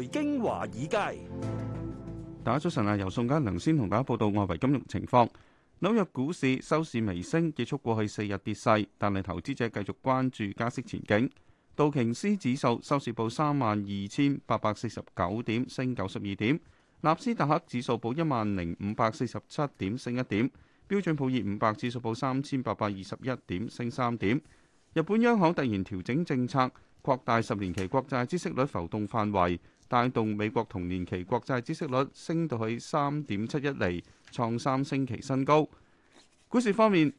財經華爾街，大家早晨啊！由宋嘉良先同大家報道外圍金融情況。紐約股市收市微升，結束過去四日跌勢，但係投資者繼續關注加息前景。道瓊斯指數收市報三萬二千八百四十九點，升九十二點；納斯達克指數報一萬零五百四十七點，升一點；標準普爾五百指數報三千八百二十一點，升三點。日本央行突然調整政策，擴大十年期國債孳息率浮動範圍。帶動美國同年期國債孳息率升到去三點七一厘，創三星期新高。股市方面，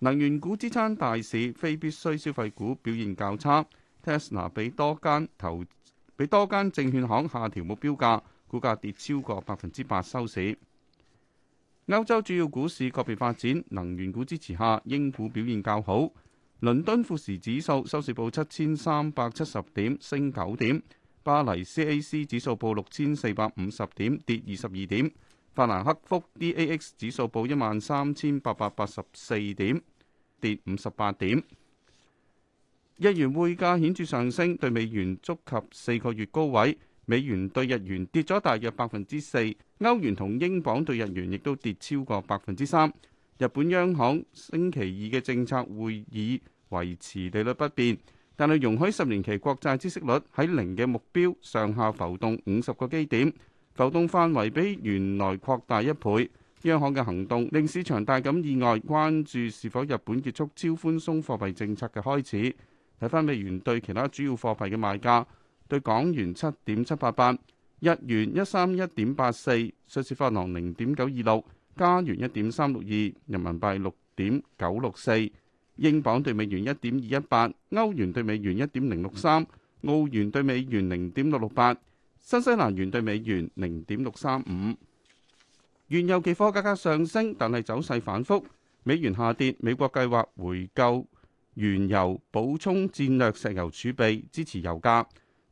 能源股支撐大市，非必需消費股表現較差。Tesla 被多間投被多間證券行下調目標價，股價跌超過百分之八收市。歐洲主要股市個別發展，能源股支持下，英股表現較好。倫敦富時指數收市報七千三百七十點，升九點。巴黎 CAC 指數報六千四百五十點，跌二十二點。法蘭克福 DAX 指數報一萬三千八百八十四點，跌五十八點。日元匯價顯著上升，對美元觸及四個月高位。美元對日元跌咗大約百分之四，歐元同英鎊對日元亦都跌超過百分之三。日本央行星期二嘅政策會議維持利率不變。但係，容許十年期國債孳息率喺零嘅目標上下浮動五十個基點，浮動範圍比原來擴大一倍。央行嘅行動令市場大感意外，關注是否日本結束超寬鬆貨幣政策嘅開始。睇返美元對其他主要貨幣嘅賣價，對港元七點七八八，日元一三一點八四，瑞士法郎零點九二六，加元一點三六二，人民幣六點九六四。英鎊兌美元一點二一八，歐元兌美元一點零六三，澳元兌美元零點六六八，新西蘭元兌美元零點六三五。原油期貨價格上升，但係走勢反覆，美元下跌。美國計劃回購原油，補充戰略石油儲備，支持油價。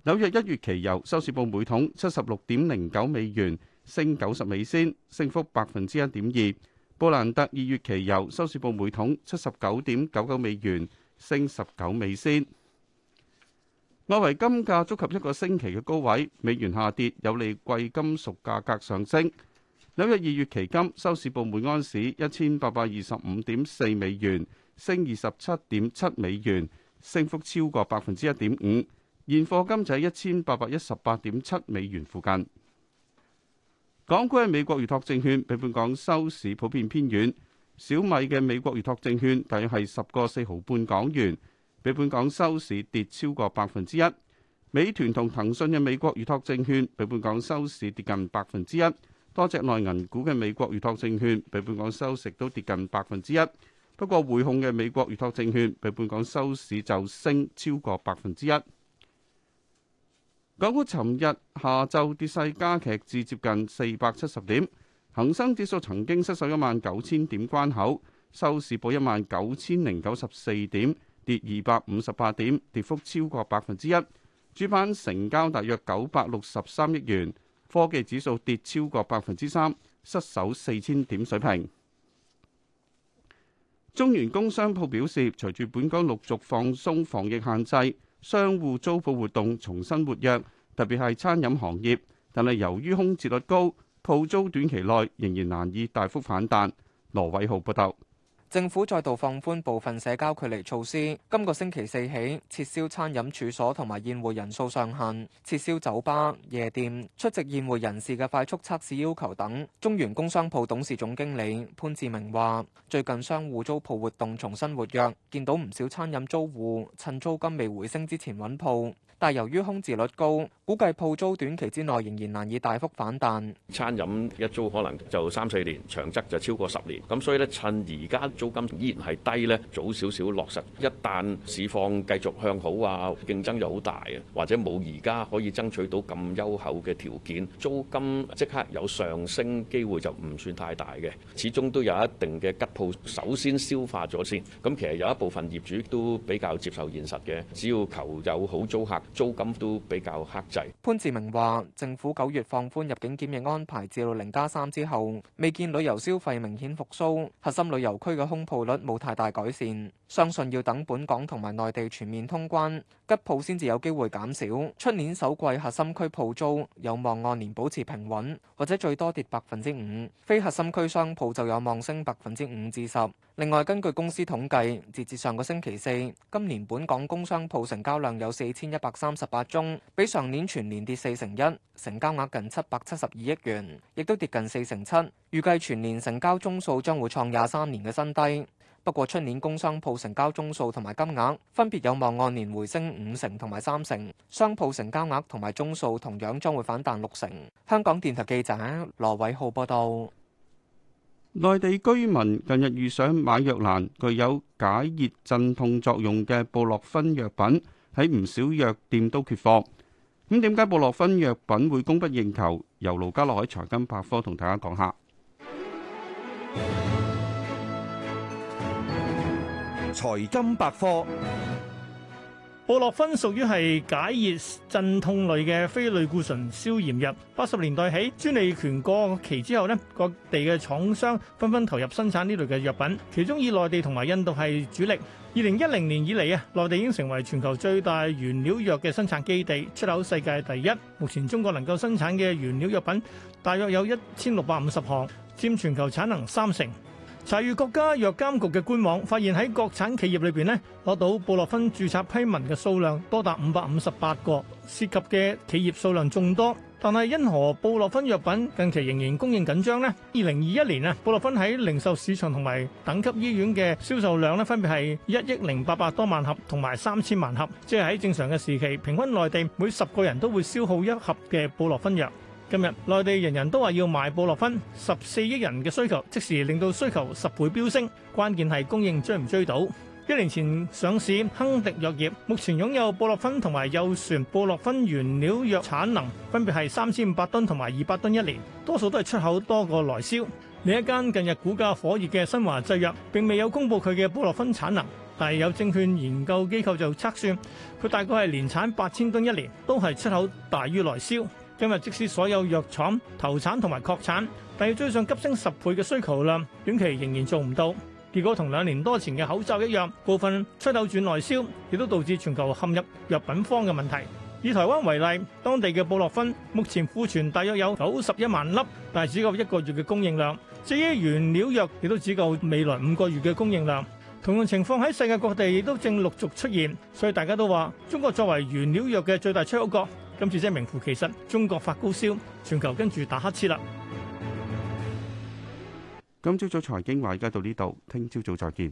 紐約一月期油收市報每桶七十六點零九美元，升九十美仙，升幅百分之一點二。布蘭特二月期油收市報每桶七十九點九九美元，升十九美仙。外圍金價觸及一個星期嘅高位，美元下跌，有利貴金屬價格上升。紐約二月期金收市報每安士一千八百二十五點四美元，升二十七點七美元，升幅超過百分之一點五。現貨金就喺一千八百一十八點七美元附近。港股嘅美國預託證券比本港收市普遍偏軟，小米嘅美國預託證券大約係十個四毫半港元，比本港收市跌超過百分之一。美團同騰訊嘅美國預託證券比本港收市跌近百分之一，多隻內銀股嘅美國預託證券比本港收市都跌近百分之一，不過匯控嘅美國預託證券比本港收市就升超過百分之一。港股尋日下晝跌勢加劇，至接近四百七十點。恒生指數曾經失守一萬九千點關口，收市報一萬九千零九十四點，跌二百五十八點，跌幅超過百分之一。主板成交大約九百六十三億元。科技指數跌超過百分之三，失守四千點水平。中原工商鋪表示，隨住本港陸續放鬆防疫限制。商戶租鋪活動重新活躍，特別係餐飲行業，但係由於空置率高，鋪租短期內仍然難以大幅反彈，羅偉浩報道。政府再度放寬部分社交距離措施，今個星期四起撤銷餐飲處所同埋宴會人數上限，撤銷酒吧、夜店、出席宴會人士嘅快速測試要求等。中原工商鋪董事總經理潘志明話，最近商戶租鋪活動重新活躍，見到唔少餐飲租戶趁租金未回升之前揾鋪，但由於空置率高，估計鋪租短期之內仍然難以大幅反彈。餐飲一租可能就三四年，長則就超過十年，咁所以呢，趁而家。租金依然係低咧，早少少落實，一旦市況繼續向好啊，競爭又好大啊，或者冇而家可以爭取到咁優厚嘅條件，租金即刻有上升機會就唔算太大嘅。始終都有一定嘅吉鋪，首先消化咗先。咁其實有一部分業主都比較接受現實嘅，只要求有好租客，租金都比較克制。潘志明話：政府九月放寬入境檢疫安排至到零加三之後，未見旅遊消費明顯復蘇，核心旅遊區嘅。通鋪率冇太大改善，相信要等本港同埋內地全面通關，吉鋪先至有機會減少。出年首季核心區鋪租有望按年保持平穩，或者最多跌百分之五。非核心區商鋪就有望升百分之五至十。另外，根據公司統計，截至上個星期四，今年本港工商鋪成交量有四千一百三十八宗，比上年全年跌四成一，成交額近七百七十二億元，亦都跌近四成七。預計全年成交宗數將會創廿三年嘅新低。不過，出年工商鋪成交宗數同埋金額分別有望按年回升五成同埋三成，商鋪成交額同埋宗數同樣將會反彈六成。香港電台記者羅偉浩報道。內地居民近日遇上買藥難，具有解熱鎮痛作用嘅布洛芬藥品喺唔少藥店都缺貨。咁點解布洛芬藥品會供不應求？由盧家樂喺財金百科同大家講下。財金百科。布洛芬屬於係解熱鎮痛類嘅非類固醇消炎藥。八十年代起，專利權過期之後呢，各地嘅廠商紛紛投入生產呢類嘅藥品，其中以內地同埋印度係主力。二零一零年以嚟啊，內地已經成為全球最大原料藥嘅生產基地，出口世界第一。目前中國能夠生產嘅原料藥品大約有一千六百五十項，佔全球產能三成。查閱國家藥監局嘅官網，發現喺國產企業裏邊呢攞到布洛芬註冊批文嘅數量多達五百五十八個，涉及嘅企業數量眾多。但係因何布洛芬藥品近期仍然供應緊張呢？二零二一年啊，布洛芬喺零售市場同埋等級醫院嘅銷售量呢，分別係一億零八百多萬盒同埋三千萬盒，即係喺正常嘅時期，平均內地每十個人都會消耗一盒嘅布洛芬藥。今日內地人人都話要買布洛芬，十四億人嘅需求，即時令到需求十倍飆升。關鍵係供應追唔追到。一年前上市，亨迪藥業，業目前擁有布洛芬同埋右旋布洛芬原料藥產能，分別係三千五百噸同埋二百噸一年，多數都係出口多過內銷。另一間近日股價火熱嘅新華製藥，並未有公佈佢嘅布洛芬產能，但係有證券研究機構就測算，佢大概係年產八千噸一年，都係出口大於內銷。今日即使所有藥廠投產同埋擴產，但要追上急升十倍嘅需求量，短期仍然做唔到。結果同兩年多前嘅口罩一樣，部分出口轉內銷，亦都導致全球陷入藥品荒嘅問題。以台灣為例，當地嘅布洛芬目前庫存大約有九十一萬粒，但係只夠一個月嘅供應量。至於原料藥，亦都只夠未來五個月嘅供應量。同樣情況喺世界各地亦都正陸續出現，所以大家都話，中國作為原料藥嘅最大出口國。今次真係名副其實，中國發高燒，全球跟住打乞嗤啦。今朝早財經話而家到呢度，聽朝早再見。